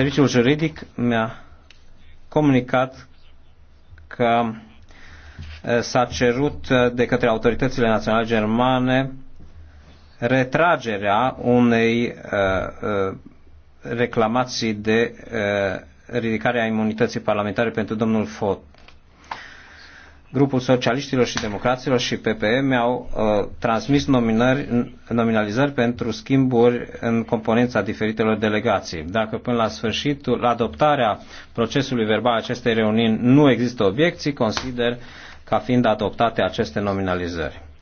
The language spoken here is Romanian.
serviciul juridic mi-a comunicat că s-a cerut de către autoritățile naționale germane retragerea unei reclamații de ridicare a imunității parlamentare pentru domnul Fot grupul socialiștilor și democraților și PPE mi-au uh, transmis nominări, nominalizări pentru schimburi în componența diferitelor delegații. Dacă până la sfârșitul, la adoptarea procesului verbal acestei reuniuni nu există obiecții, consider ca fiind adoptate aceste nominalizări.